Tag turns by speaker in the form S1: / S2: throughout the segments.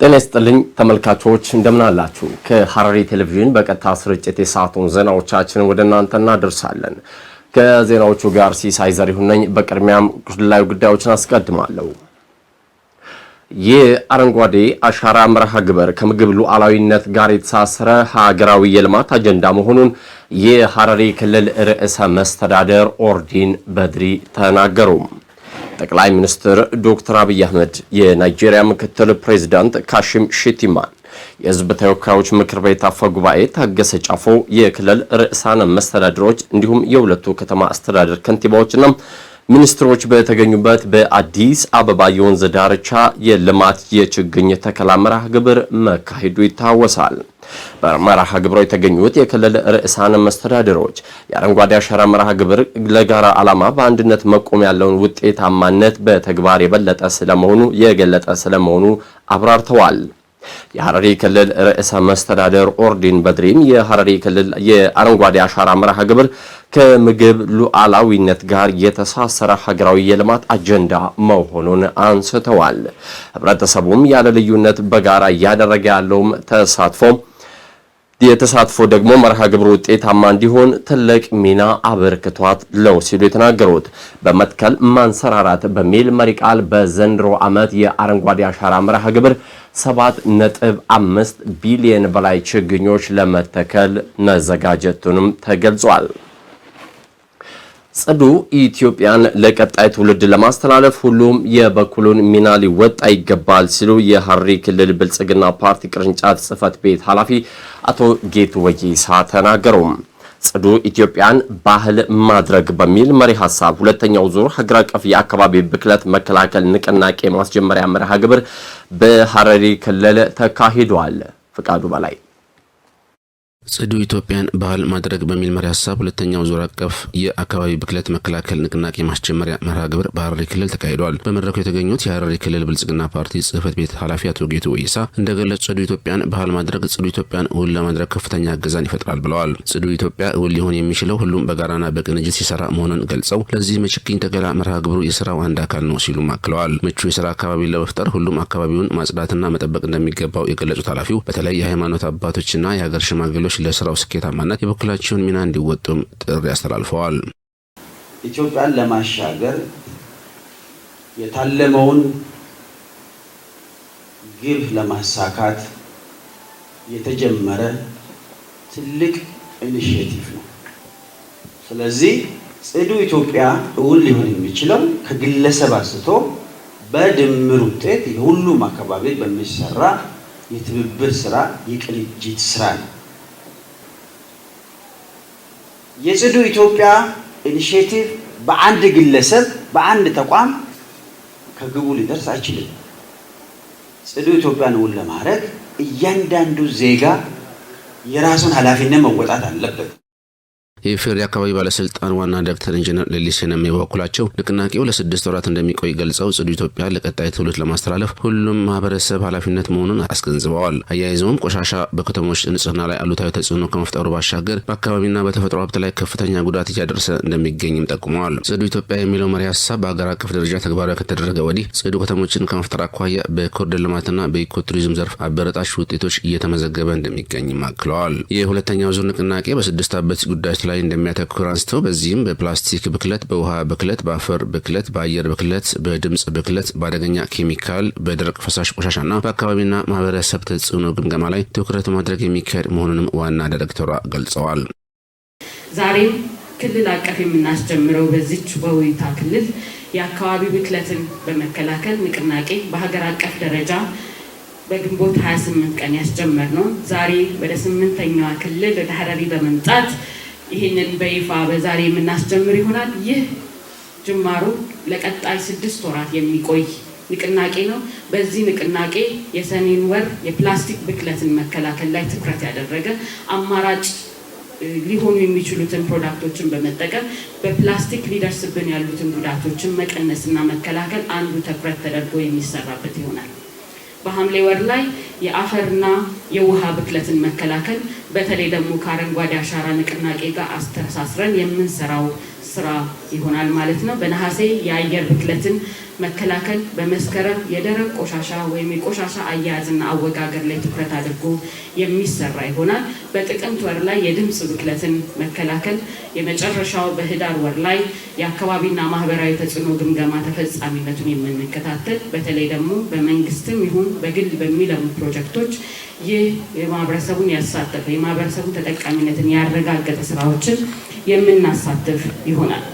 S1: ጤና ይስጥልኝ ተመልካቾች፣ እንደምን አላችሁ? ከሐረሪ ቴሌቪዥን በቀጥታ ስርጭት የሰዓቱን ዜናዎቻችንን ወደ እናንተ እናደርሳለን። ከዜናዎቹ ጋር ሲሳይ ዘሪሁን ነኝ። በቅድሚያም ክልላዊ ጉዳዮችን አስቀድማለሁ። የአረንጓዴ አሻራ መርሃ ግብር ከምግብ ሉዓላዊነት ጋር የተሳሰረ ሀገራዊ የልማት አጀንዳ መሆኑን የሐረሪ ክልል ርዕሰ መስተዳደር ኦርዲን በድሪ ተናገሩ። ጠቅላይ ሚኒስትር ዶክተር አብይ አህመድ የናይጄሪያ ምክትል ፕሬዚዳንት ካሽም ሽቲማ የህዝብ ተወካዮች ምክር ቤት አፈ ጉባኤ ታገሰ ጫፎ፣ የክልል ርዕሳነ መስተዳድሮች እንዲሁም የሁለቱ ከተማ አስተዳደር ከንቲባዎችና ሚኒስትሮች በተገኙበት በአዲስ አበባ የወንዝ ዳርቻ የልማት የችግኝ ተከላ መርሃ ግብር መካሄዱ ይታወሳል። በመርሃ ግብሩ የተገኙት የክልል ርዕሳነ መስተዳድሮች የአረንጓዴ አሻራ መርሃ ግብር ለጋራ ዓላማ በአንድነት መቆም ያለውን ውጤታማነት በተግባር የበለጠ ስለመሆኑ የገለጠ ስለመሆኑ አብራርተዋል። የሐረሪ ክልል ርዕሰ መስተዳደር ኦርዲን በድሪም የሐረሪ ክልል የአረንጓዴ አሻራ መርሃ ግብር ከምግብ ሉዓላዊነት ጋር የተሳሰረ ሀገራዊ የልማት አጀንዳ መሆኑን አንስተዋል። ህብረተሰቡም ያለ ልዩነት በጋራ እያደረገ ያለውም ተሳትፎ የተሳትፎ ደግሞ መርሃ ግብር ውጤታማ እንዲሆን ትልቅ ሚና አበርክቷት ለው ሲሉ የተናገሩት በመትከል ማንሰራራት በሚል መሪ ቃል በዘንድሮ ዓመት የአረንጓዴ አሻራ መርሃ ግብር 7.5 ቢሊየን በላይ ችግኞች ለመተከል መዘጋጀቱንም ተገልጿል። ጽዱ ኢትዮጵያን ለቀጣይ ትውልድ ለማስተላለፍ ሁሉም የበኩሉን ሚና ሊወጣ ይገባል ሲሉ የሐረሪ ክልል ብልጽግና ፓርቲ ቅርንጫፍ ጽህፈት ቤት ኃላፊ አቶ ጌቱ ወይሳ ተናገሩ። ጽዱ ኢትዮጵያን ባህል ማድረግ በሚል መሪ ሀሳብ ሁለተኛው ዙር ሀገር አቀፍ የአካባቢ ብክለት መከላከል ንቅናቄ ማስጀመሪያ መርሃ ግብር በሐረሪ ክልል ተካሂዷል። ፍቃዱ በላይ ጽዱ ኢትዮጵያን ባህል ማድረግ በሚል መሪ ሀሳብ ሁለተኛው ዙር አቀፍ የአካባቢ ብክለት መከላከል ንቅናቄ ማስጀመሪያ መርሃ ግብር በሀረሪ ክልል ተካሂዷል። በመድረኩ የተገኙት የሀረሪ ክልል ብልጽግና ፓርቲ ጽህፈት ቤት ኃላፊ አቶ ጌቱ ወይሳ እንደገለጹ ጽዱ ኢትዮጵያን ባህል ማድረግ ጽዱ ኢትዮጵያን እውን ለማድረግ ከፍተኛ እገዛን ይፈጥራል ብለዋል። ጽዱ ኢትዮጵያ እውን ሊሆን የሚችለው ሁሉም በጋራና በቅንጅት ሲሰራ መሆኑን ገልጸው ለዚህ ምችኪኝ ተገላ መርሃ ግብሩ የስራው አንድ አካል ነው ሲሉም አክለዋል። ምቹ የስራ አካባቢ ለመፍጠር ሁሉም አካባቢውን ማጽዳትና መጠበቅ እንደሚገባው የገለጹት ኃላፊው በተለይ የሃይማኖት አባቶችና የሀገር ሽማግሌዎች ሰዎች ለስራው ስኬታማነት የበኩላቸውን ሚና እንዲወጡም ጥሪ አስተላልፈዋል።
S2: ኢትዮጵያን ለማሻገር የታለመውን ግብ ለማሳካት የተጀመረ ትልቅ ኢኒሽቲቭ ነው። ስለዚህ ጽዱ ኢትዮጵያ እውን ሊሆን የሚችለው ከግለሰብ አንስቶ በድምር ውጤት የሁሉም አካባቢ በሚሰራ የትብብር ስራ፣ የቅንጅት ስራ ነው። የጽዱ ኢትዮጵያ ኢኒሽቲቭ በአንድ ግለሰብ በአንድ ተቋም ከግቡ ሊደርስ አይችልም። ጽዱ ኢትዮጵያን እውን ለማድረግ እያንዳንዱ ዜጋ የራሱን ኃላፊነት መወጣት አለበት።
S1: የኢፌዴሪ አካባቢ ባለስልጣን ዋና ዳይሬክተር ኢንጂነር ሌሊሴ ነሜ በበኩላቸው ንቅናቄው ለስድስት ወራት እንደሚቆይ ገልጸው ጽዱ ኢትዮጵያ ለቀጣይ ትውልድ ለማስተላለፍ ሁሉም ማህበረሰብ ኃላፊነት መሆኑን አስገንዝበዋል። አያይዘውም ቆሻሻ በከተሞች ንጽህና ላይ አሉታዊ ተጽዕኖ ከመፍጠሩ ባሻገር በአካባቢና በተፈጥሮ ሀብት ላይ ከፍተኛ ጉዳት እያደረሰ እንደሚገኝም ጠቁመዋል። ጽዱ ኢትዮጵያ የሚለው መሪ ሀሳብ በሀገር አቀፍ ደረጃ ተግባራዊ ከተደረገ ወዲህ ጽዱ ከተሞችን ከመፍጠር አኳያ በኮሪደር ልማትና በኢኮቱሪዝም ዘርፍ አበረታች ውጤቶች እየተመዘገበ እንደሚገኝም አክለዋል። የሁለተኛው ዙር ንቅናቄ በስድስት አበይት ጉዳዮች ላይ ላይ እንደሚያተኩር አንስተው በዚህም በፕላስቲክ ብክለት፣ በውሃ ብክለት፣ በአፈር ብክለት፣ በአየር ብክለት፣ በድምፅ ብክለት፣ በአደገኛ ኬሚካል፣ በደረቅ ፈሳሽ ቆሻሻና በአካባቢና ማህበረሰብ ተጽዕኖ ግምገማ ላይ ትኩረት ማድረግ የሚካሄድ መሆኑንም ዋና ዳይሬክተሯ ገልጸዋል።
S3: ዛሬም ክልል አቀፍ የምናስጀምረው በዚች በውይታ ክልል የአካባቢ ብክለትን በመከላከል ንቅናቄ በሀገር አቀፍ ደረጃ በግንቦት 28 ቀን ያስጀመር ነው። ዛሬ ወደ ስምንተኛዋ ክልል ወደ ሀረሪ በመምጣት ይህንን በይፋ በዛሬ የምናስጀምር ይሆናል። ይህ ጅማሩ ለቀጣይ ስድስት ወራት የሚቆይ ንቅናቄ ነው። በዚህ ንቅናቄ የሰኔን ወር የፕላስቲክ ብክለትን መከላከል ላይ ትኩረት ያደረገ አማራጭ ሊሆኑ የሚችሉትን ፕሮዳክቶችን በመጠቀም በፕላስቲክ ሊደርስብን ያሉትን ጉዳቶችን መቀነስና መከላከል አንዱ ትኩረት ተደርጎ የሚሰራበት ይሆናል። በሐምሌ ወር ላይ የአፈርና የውሃ ብክለትን መከላከል በተለይ ደግሞ ከአረንጓዴ አሻራ ንቅናቄ ጋር አስተሳስረን የምንሰራው ስራ ይሆናል ማለት ነው። በነሐሴ የአየር ብክለትን መከላከል፣ በመስከረም የደረቅ ቆሻሻ ወይም የቆሻሻ አያያዝና አወጋገር ላይ ትኩረት አድርጎ የሚሰራ ይሆናል። በጥቅምት ወር ላይ የድምፅ ብክለትን መከላከል፣ የመጨረሻው በህዳር ወር ላይ የአካባቢና ማህበራዊ ተጽዕኖ ግምገማ ተፈጻሚነቱን የምንከታተል በተለይ ደግሞ በመንግስትም ይሁን በግል በሚለሙ ፕሮጀክቶች ይህ የማህበረሰቡን ያሳተፈ የማህበረሰቡን ተጠቃሚነትን ያረጋገጠ ስራዎችን የምናሳትፍ ይሆናል።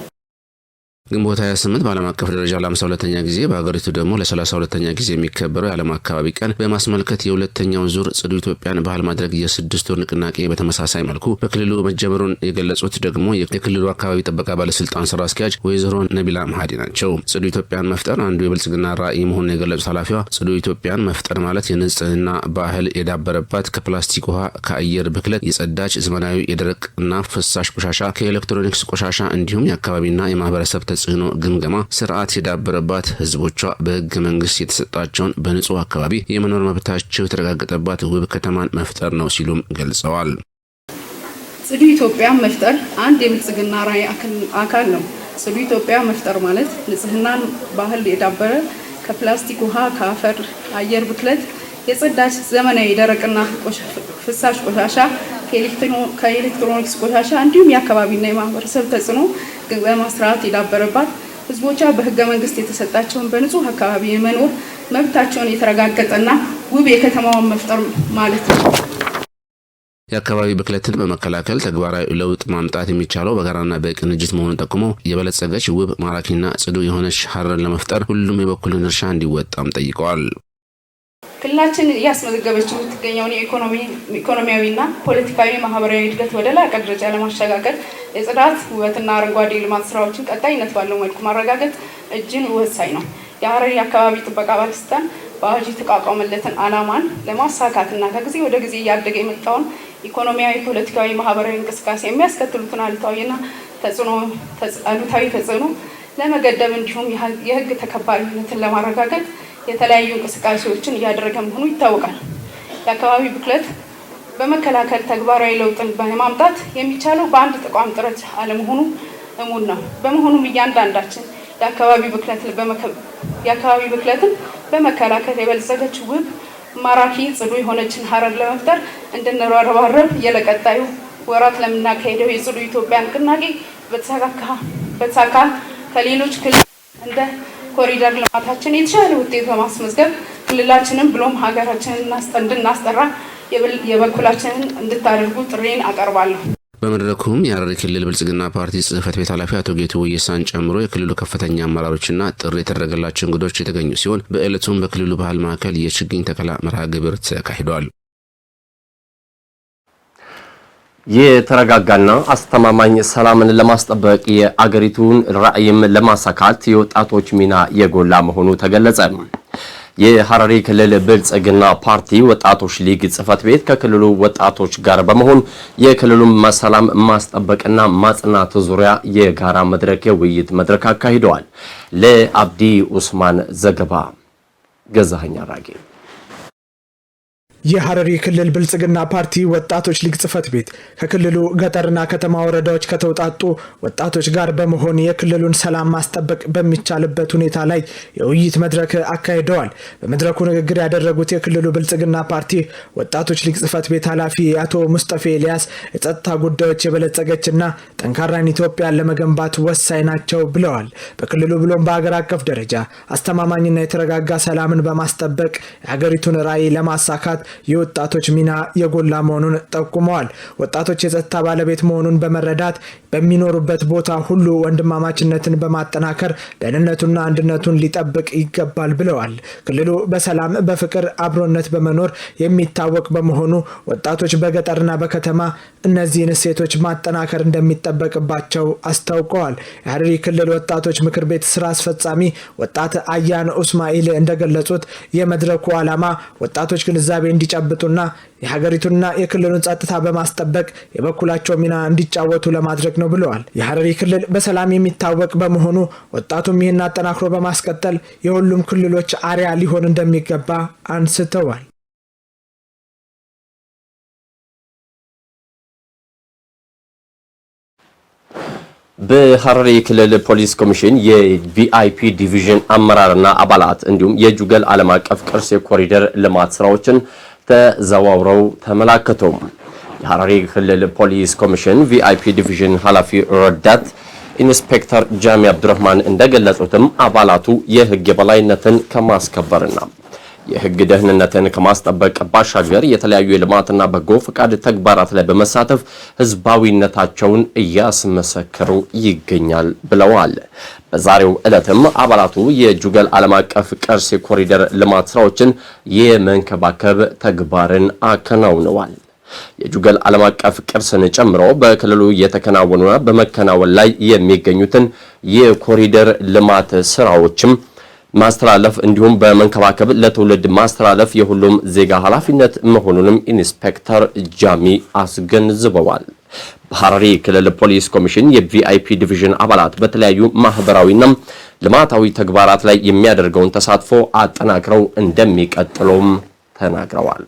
S1: ግንቦት 28 በዓለም አቀፍ ደረጃ ለሃምሳ ሁለተኛ ጊዜ በሀገሪቱ ደግሞ ለ ለሰላሳ ሁለተኛ ጊዜ የሚከበረው የዓለም አካባቢ ቀን በማስመልከት የሁለተኛው ዙር ጽዱ ኢትዮጵያን ባህል ማድረግ የስድስት ወር ንቅናቄ በተመሳሳይ መልኩ በክልሉ መጀመሩን የገለጹት ደግሞ የክልሉ አካባቢ ጥበቃ ባለስልጣን ስራ አስኪያጅ ወይዘሮ ነቢላ መሀዲ ናቸው። ጽዱ ኢትዮጵያን መፍጠር አንዱ የብልጽግና ራዕይ መሆኑን የገለጹት ኃላፊዋ ጽዱ ኢትዮጵያን መፍጠር ማለት የንጽህና ባህል የዳበረባት ከፕላስቲክ ውሃ፣ ከአየር ብክለት የጸዳች ዘመናዊ የደረቅ ፍሳሽ ቆሻሻ፣ ከኤሌክትሮኒክስ ቆሻሻ እንዲሁም የአካባቢና የማህበረሰብ ተ የተጽዕኖ ግምገማ ስርዓት የዳበረባት ህዝቦቿ በህገ መንግስት የተሰጣቸውን በንጹህ አካባቢ የመኖር መብታቸው የተረጋገጠባት ውብ ከተማን መፍጠር ነው ሲሉም ገልጸዋል።
S3: ጽዱ ኢትዮጵያ መፍጠር አንድ የብልጽግና ራዕይ አካል ነው። ጽዱ ኢትዮጵያ መፍጠር ማለት ንጽህናን ባህል የዳበረ ከፕላስቲክ ውሃ፣ ከአፈር አየር ብክለት የጸዳች ዘመናዊ ደረቅና ፍሳሽ ቆሻሻ ከኤሌክትሮኒክስ ቆሻሻ እንዲሁም የአካባቢና የማህበረሰብ ተጽዕኖ የመገምገም ስርዓት የዳበረባት ህዝቦቿ በህገ መንግስት የተሰጣቸውን በንጹህ አካባቢ የመኖር መብታቸውን የተረጋገጠና ውብ የከተማዋን መፍጠር ማለት ነው።
S1: የአካባቢ ብክለትን በመከላከል ተግባራዊ ለውጥ ማምጣት የሚቻለው በጋራና በቅንጅት መሆኑን ጠቁመው የበለጸገች ውብ ማራኪና ጽዱ የሆነች ሀረርን ለመፍጠር ሁሉም የበኩልን እርሻ እንዲወጣም ጠይቀዋል።
S3: ክልላችን እያስመዘገበች የምትገኘውን የኢኮኖሚያዊና ፖለቲካዊ ማህበራዊ እድገት ወደ ላቀ ደረጃ ለማሸጋገር የጽዳት ውበትና አረንጓዴ ልማት ስራዎችን ቀጣይነት ባለው መልኩ ማረጋገጥ እጅን ወሳኝ ነው። የሀረሪ አካባቢ ጥበቃ ባለስልጣን በአዋጅ የተቋቋመለትን አላማን ለማሳካትና ከጊዜ ወደ ጊዜ እያደገ የመጣውን ኢኮኖሚያዊ፣ ፖለቲካዊ፣ ማህበራዊ እንቅስቃሴ የሚያስከትሉትን አሉታዊና አሉታዊ ተጽዕኖ ለመገደብ እንዲሁም የህግ ተከባሪነትን ለማረጋገጥ የተለያዩ እንቅስቃሴዎችን እያደረገ መሆኑ ይታወቃል። የአካባቢ ብክለት በመከላከል ተግባራዊ ለውጥን በማምጣት የሚቻለው በአንድ ተቋም ጥረት አለመሆኑ እሙን ነው። በመሆኑም እያንዳንዳችን የአካባቢ ብክለትን በመከላከል የበለጸገች ውብ፣ ማራኪ፣ ጽዱ የሆነችን ሀረር ለመፍጠር እንድንረባረብ የለቀጣዩ ወራት ለምናካሄደው የጽዱ ኢትዮጵያ ንቅናቄ በተሳካ ከሌሎች ክልል እንደ ኮሪደር ልማታችን የተሻለ ውጤት በማስመዝገብ ክልላችንን ብሎም ሀገራችንን እንድናስጠራ የበኩላችንን እንድታደርጉ ጥሬን አቀርባለሁ።
S1: በመድረኩም የሐረሪ ክልል ብልጽግና ፓርቲ ጽህፈት ቤት ኃላፊ አቶ ጌቱ ወየሳን ጨምሮ የክልሉ ከፍተኛ አመራሮችና ጥሪ የተደረገላቸው እንግዶች የተገኙ ሲሆን በዕለቱም በክልሉ ባህል ማዕከል የችግኝ ተከላ መርሃ ግብር ተካሂዷል። የተረጋጋና አስተማማኝ ሰላምን ለማስጠበቅ የአገሪቱን ራዕይም ለማሳካት የወጣቶች ሚና የጎላ መሆኑ ተገለጸ። የሐረሪ ክልል ብልጽግና ፓርቲ ወጣቶች ሊግ ጽህፈት ቤት ከክልሉ ወጣቶች ጋር በመሆን የክልሉን ሰላም ማስጠበቅና ማጽናት ዙሪያ የጋራ መድረክ የውይይት መድረክ አካሂደዋል። ለአብዲ ኡስማን ዘገባ ገዛኸኝ አራጌ
S4: የሐረሪ ክልል ብልጽግና ፓርቲ ወጣቶች ሊግ ጽህፈት ቤት ከክልሉ ገጠርና ከተማ ወረዳዎች ከተውጣጡ ወጣቶች ጋር በመሆን የክልሉን ሰላም ማስጠበቅ በሚቻልበት ሁኔታ ላይ የውይይት መድረክ አካሂደዋል። በመድረኩ ንግግር ያደረጉት የክልሉ ብልጽግና ፓርቲ ወጣቶች ሊግ ጽህፈት ቤት ኃላፊ አቶ ሙስጠፌ ኤልያስ የጸጥታ ጉዳዮች የበለጸገችና ጠንካራን ኢትዮጵያን ለመገንባት ወሳኝ ናቸው ብለዋል። በክልሉ ብሎም በሀገር አቀፍ ደረጃ አስተማማኝና የተረጋጋ ሰላምን በማስጠበቅ የሀገሪቱን ራዕይ ለማሳካት የወጣቶች ሚና የጎላ መሆኑን ጠቁመዋል። ወጣቶች የጸጥታ ባለቤት መሆኑን በመረዳት በሚኖሩበት ቦታ ሁሉ ወንድማማችነትን በማጠናከር ደህንነቱና አንድነቱን ሊጠብቅ ይገባል ብለዋል። ክልሉ በሰላም በፍቅር አብሮነት በመኖር የሚታወቅ በመሆኑ ወጣቶች በገጠርና በከተማ እነዚህን እሴቶች ማጠናከር እንደሚጠበቅባቸው አስታውቀዋል። የሐረሪ ክልል ወጣቶች ምክር ቤት ስራ አስፈጻሚ ወጣት አያን ኡስማኤል እንደገለጹት የመድረኩ ዓላማ ወጣቶች ግንዛቤ እንዲጨብጡና የሀገሪቱና የክልሉን ጸጥታ በማስጠበቅ የበኩላቸው ሚና እንዲጫወቱ ለማድረግ ነው ብለዋል። የሀረሪ ክልል በሰላም የሚታወቅ በመሆኑ ወጣቱም ይህን አጠናክሮ በማስቀጠል የሁሉም ክልሎች አሪያ ሊሆን እንደሚገባ አንስተዋል።
S1: በሐረሪ ክልል ፖሊስ ኮሚሽን የቪአይፒ ዲቪዥን አመራርና አባላት እንዲሁም የጁገል ዓለም አቀፍ ቅርስ የኮሪደር ልማት ስራዎችን ተዘዋውረው ተመላከቱ። የሐረሪ ክልል ፖሊስ ኮሚሽን ቪአይፒ ዲቪዥን ኃላፊ ረዳት ኢንስፔክተር ጃሚ አብዱረህማን እንደገለጹትም አባላቱ የህግ የበላይነትን ከማስከበርና የህግ ደህንነትን ከማስጠበቅ ባሻገር የተለያዩ የልማትና በጎ ፈቃድ ተግባራት ላይ በመሳተፍ ህዝባዊነታቸውን እያስመሰከሩ ይገኛል ብለዋል። በዛሬው ዕለትም አባላቱ የጁገል ዓለም አቀፍ ቅርስ የኮሪደር ልማት ስራዎችን የመንከባከብ ተግባርን አከናውነዋል። የጁገል ዓለም አቀፍ ቅርስን ጨምሮ በክልሉ የተከናወኑና በመከናወን ላይ የሚገኙትን የኮሪደር ልማት ስራዎችም ማስተላለፍ እንዲሁም በመንከባከብ ለትውልድ ማስተላለፍ የሁሉም ዜጋ ኃላፊነት መሆኑንም ኢንስፔክተር ጃሚ አስገንዝበዋል። በሐረሪ ክልል ፖሊስ ኮሚሽን የቪአይፒ ዲቪዥን አባላት በተለያዩ ማህበራዊና ልማታዊ ተግባራት ላይ የሚያደርገውን ተሳትፎ አጠናክረው እንደሚቀጥሉም ተናግረዋል።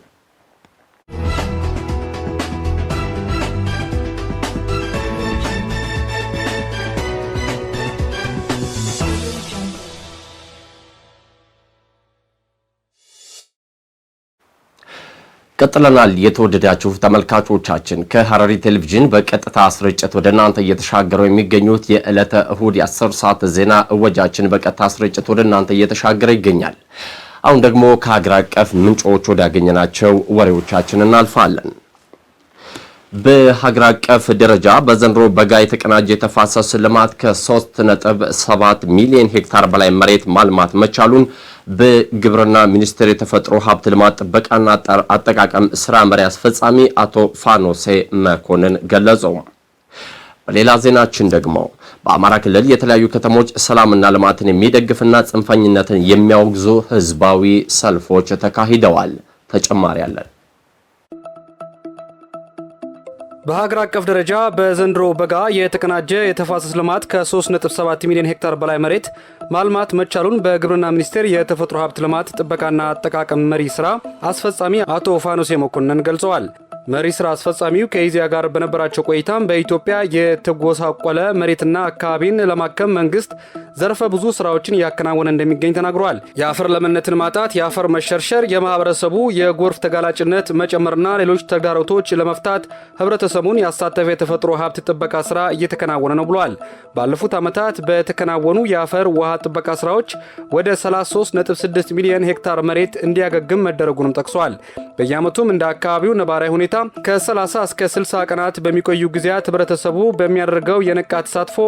S1: ቀጥለናል። የተወደዳችሁ ተመልካቾቻችን ከሐረሪ ቴሌቪዥን በቀጥታ ስርጭት ወደ እናንተ እየተሻገሩ የሚገኙት የዕለተ እሁድ የአስር ሰዓት ዜና እወጃችን በቀጥታ ስርጭት ወደ እናንተ እየተሻገረ ይገኛል። አሁን ደግሞ ከሀገር አቀፍ ምንጮች ወዳገኘናቸው ወሬዎቻችን እናልፋለን። በሀገር አቀፍ ደረጃ በዘንድሮ በጋ የተቀናጀ የተፋሰስ ልማት ከ3.7 ሚሊዮን ሄክታር በላይ መሬት ማልማት መቻሉን በግብርና ሚኒስቴር የተፈጥሮ ሀብት ልማት ጥበቃና አጠቃቀም ስራ መሪ አስፈጻሚ አቶ ፋኖሴ መኮንን ገለጹ። በሌላ ዜናችን ደግሞ በአማራ ክልል የተለያዩ ከተሞች ሰላምና ልማትን የሚደግፍና ጽንፈኝነትን የሚያወግዙ ህዝባዊ ሰልፎች ተካሂደዋል። ተጨማሪ አለን።
S5: በሀገር አቀፍ ደረጃ በዘንድሮ በጋ የተቀናጀ የተፋሰስ ልማት ከ3.7 ሚሊዮን ሄክታር በላይ መሬት ማልማት መቻሉን በግብርና ሚኒስቴር የተፈጥሮ ሀብት ልማት ጥበቃና አጠቃቀም መሪ ስራ አስፈጻሚ አቶ ፋኖሴ መኮንን ገልጸዋል። መሪ ስራ አስፈጻሚው ከኢዚያ ጋር በነበራቸው ቆይታም በኢትዮጵያ የተጎሳቆለ መሬትና አካባቢን ለማከም መንግስት ዘርፈ ብዙ ስራዎችን እያከናወነ እንደሚገኝ ተናግሯል። የአፈር ለምነትን ማጣት፣ የአፈር መሸርሸር፣ የማህበረሰቡ የጎርፍ ተጋላጭነት መጨመርና ሌሎች ተግዳሮቶች ለመፍታት ህብረተሰቡን ያሳተፈ የተፈጥሮ ሀብት ጥበቃ ስራ እየተከናወነ ነው ብሏል። ባለፉት ዓመታት በተከናወኑ የአፈር ውሃ ጥበቃ ስራዎች ወደ 33.6 ሚሊዮን ሄክታር መሬት እንዲያገግም መደረጉንም ጠቅሷል። በየዓመቱም እንደ አካባቢው ነባራዊ ሁኔታ ከ30 እስከ 60 ቀናት በሚቆዩ ጊዜያት ህብረተሰቡ በሚያደርገው የነቃ ተሳትፎ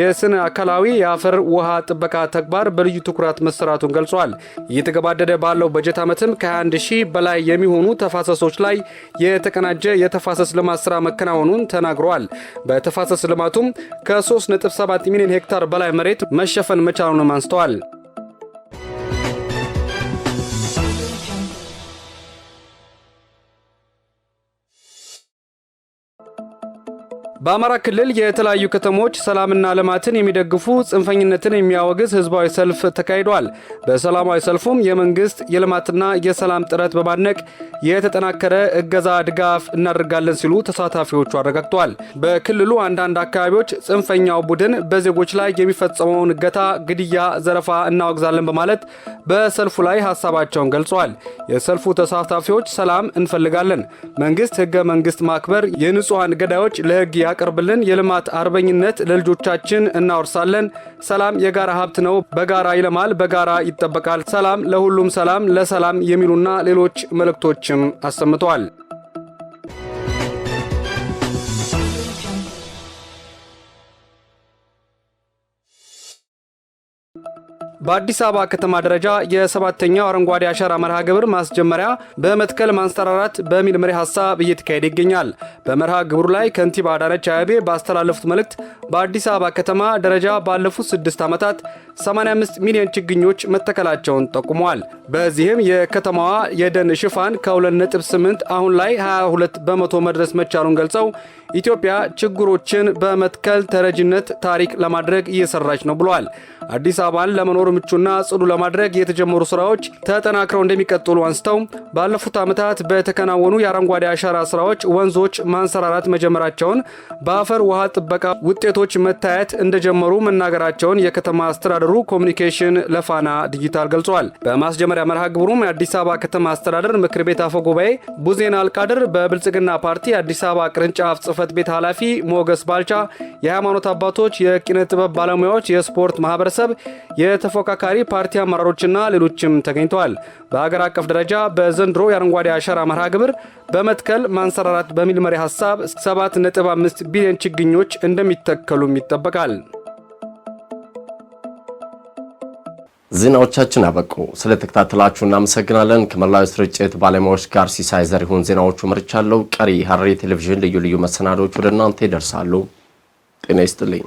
S5: የስነ አካላዊ የአፈር ውሃ ጥበቃ ተግባር በልዩ ትኩራት መሰራቱን ገልጿል። እየተገባደደ ባለው በጀት ዓመትም ከ 1 ሺህ በላይ የሚሆኑ ተፋሰሶች ላይ የተቀናጀ የተፋሰስ ልማት ስራ መከናወኑን ተናግረዋል። በተፋሰስ ልማቱም ከ3.7 ሚሊዮን ሄክታር በላይ መሬት መሸፈን መቻሉንም አንስተዋል። በአማራ ክልል የተለያዩ ከተሞች ሰላምና ልማትን የሚደግፉ ጽንፈኝነትን የሚያወግዝ ህዝባዊ ሰልፍ ተካሂዷል። በሰላማዊ ሰልፉም የመንግስት የልማትና የሰላም ጥረት በማድነቅ የተጠናከረ እገዛ፣ ድጋፍ እናደርጋለን ሲሉ ተሳታፊዎቹ አረጋግጠዋል። በክልሉ አንዳንድ አካባቢዎች ጽንፈኛው ቡድን በዜጎች ላይ የሚፈጸመውን እገታ፣ ግድያ፣ ዘረፋ እናወግዛለን በማለት በሰልፉ ላይ ሀሳባቸውን ገልጸዋል። የሰልፉ ተሳታፊዎች ሰላም እንፈልጋለን፣ መንግስት ህገ መንግስት ማክበር፣ የንጹሐን ገዳዮች ለህግ ያቅርብልን የልማት አርበኝነት ለልጆቻችን እናወርሳለን። ሰላም የጋራ ሀብት ነው። በጋራ ይለማል፣ በጋራ ይጠበቃል። ሰላም ለሁሉም ሰላም ለሰላም የሚሉና ሌሎች መልእክቶችም አሰምተዋል። በአዲስ አበባ ከተማ ደረጃ የሰባተኛው አረንጓዴ አሻራ መርሃ ግብር ማስጀመሪያ በመትከል ማንሰራራት በሚል መሪ ሀሳብ እየተካሄደ ይገኛል። በመርሃ ግብሩ ላይ ከንቲባ አዳነች አቤቤ ባስተላለፉት መልእክት በአዲስ አበባ ከተማ ደረጃ ባለፉት ስድስት ዓመታት 85 ሚሊዮን ችግኞች መተከላቸውን ጠቁመዋል። በዚህም የከተማዋ የደን ሽፋን ከ2.8 አሁን ላይ 22 በመቶ መድረስ መቻሉን ገልጸው ኢትዮጵያ ችግሮችን በመትከል ተረጅነት ታሪክ ለማድረግ እየሰራች ነው ብለዋል። አዲስ አበባን ለመኖር ምቹና ጽዱ ለማድረግ የተጀመሩ ስራዎች ተጠናክረው እንደሚቀጥሉ አንስተው ባለፉት ዓመታት በተከናወኑ የአረንጓዴ አሻራ ስራዎች ወንዞች ማንሰራራት መጀመራቸውን፣ በአፈር ውሃ ጥበቃ ውጤቶች መታየት እንደጀመሩ መናገራቸውን የከተማ አስተዳደ አስተዳደሩ ኮሚኒኬሽን ለፋና ዲጂታል ገልጿል። በማስጀመሪያ መርሃ ግብሩም የአዲስ አበባ ከተማ አስተዳደር ምክር ቤት አፈ ጉባኤ ቡዜና አልቃድር፣ በብልጽግና ፓርቲ አዲስ አበባ ቅርንጫፍ ጽህፈት ቤት ኃላፊ ሞገስ ባልቻ፣ የሃይማኖት አባቶች፣ የኪነ ጥበብ ባለሙያዎች፣ የስፖርት ማህበረሰብ፣ የተፎካካሪ ፓርቲ አመራሮችና ሌሎችም ተገኝተዋል። በሀገር አቀፍ ደረጃ በዘንድሮ የአረንጓዴ አሻራ መርሃ ግብር በመትከል ማንሰራራት በሚል መሪ ሀሳብ 7.5 ቢሊዮን ችግኞች እንደሚተከሉም ይጠበቃል።
S1: ዜናዎቻችን አበቁ። ስለተከታተላችሁ እናመሰግናለን። ከመላው ስርጭት ባለሙያዎች ጋር ሲሳይ ዘሪሁን ዜናዎቹ መርቻለሁ። ቀሪ ሐረሪ ቴሌቪዥን ልዩ ልዩ መሰናዶዎች ወደ እናንተ ይደርሳሉ። ጤና ይስጥልኝ።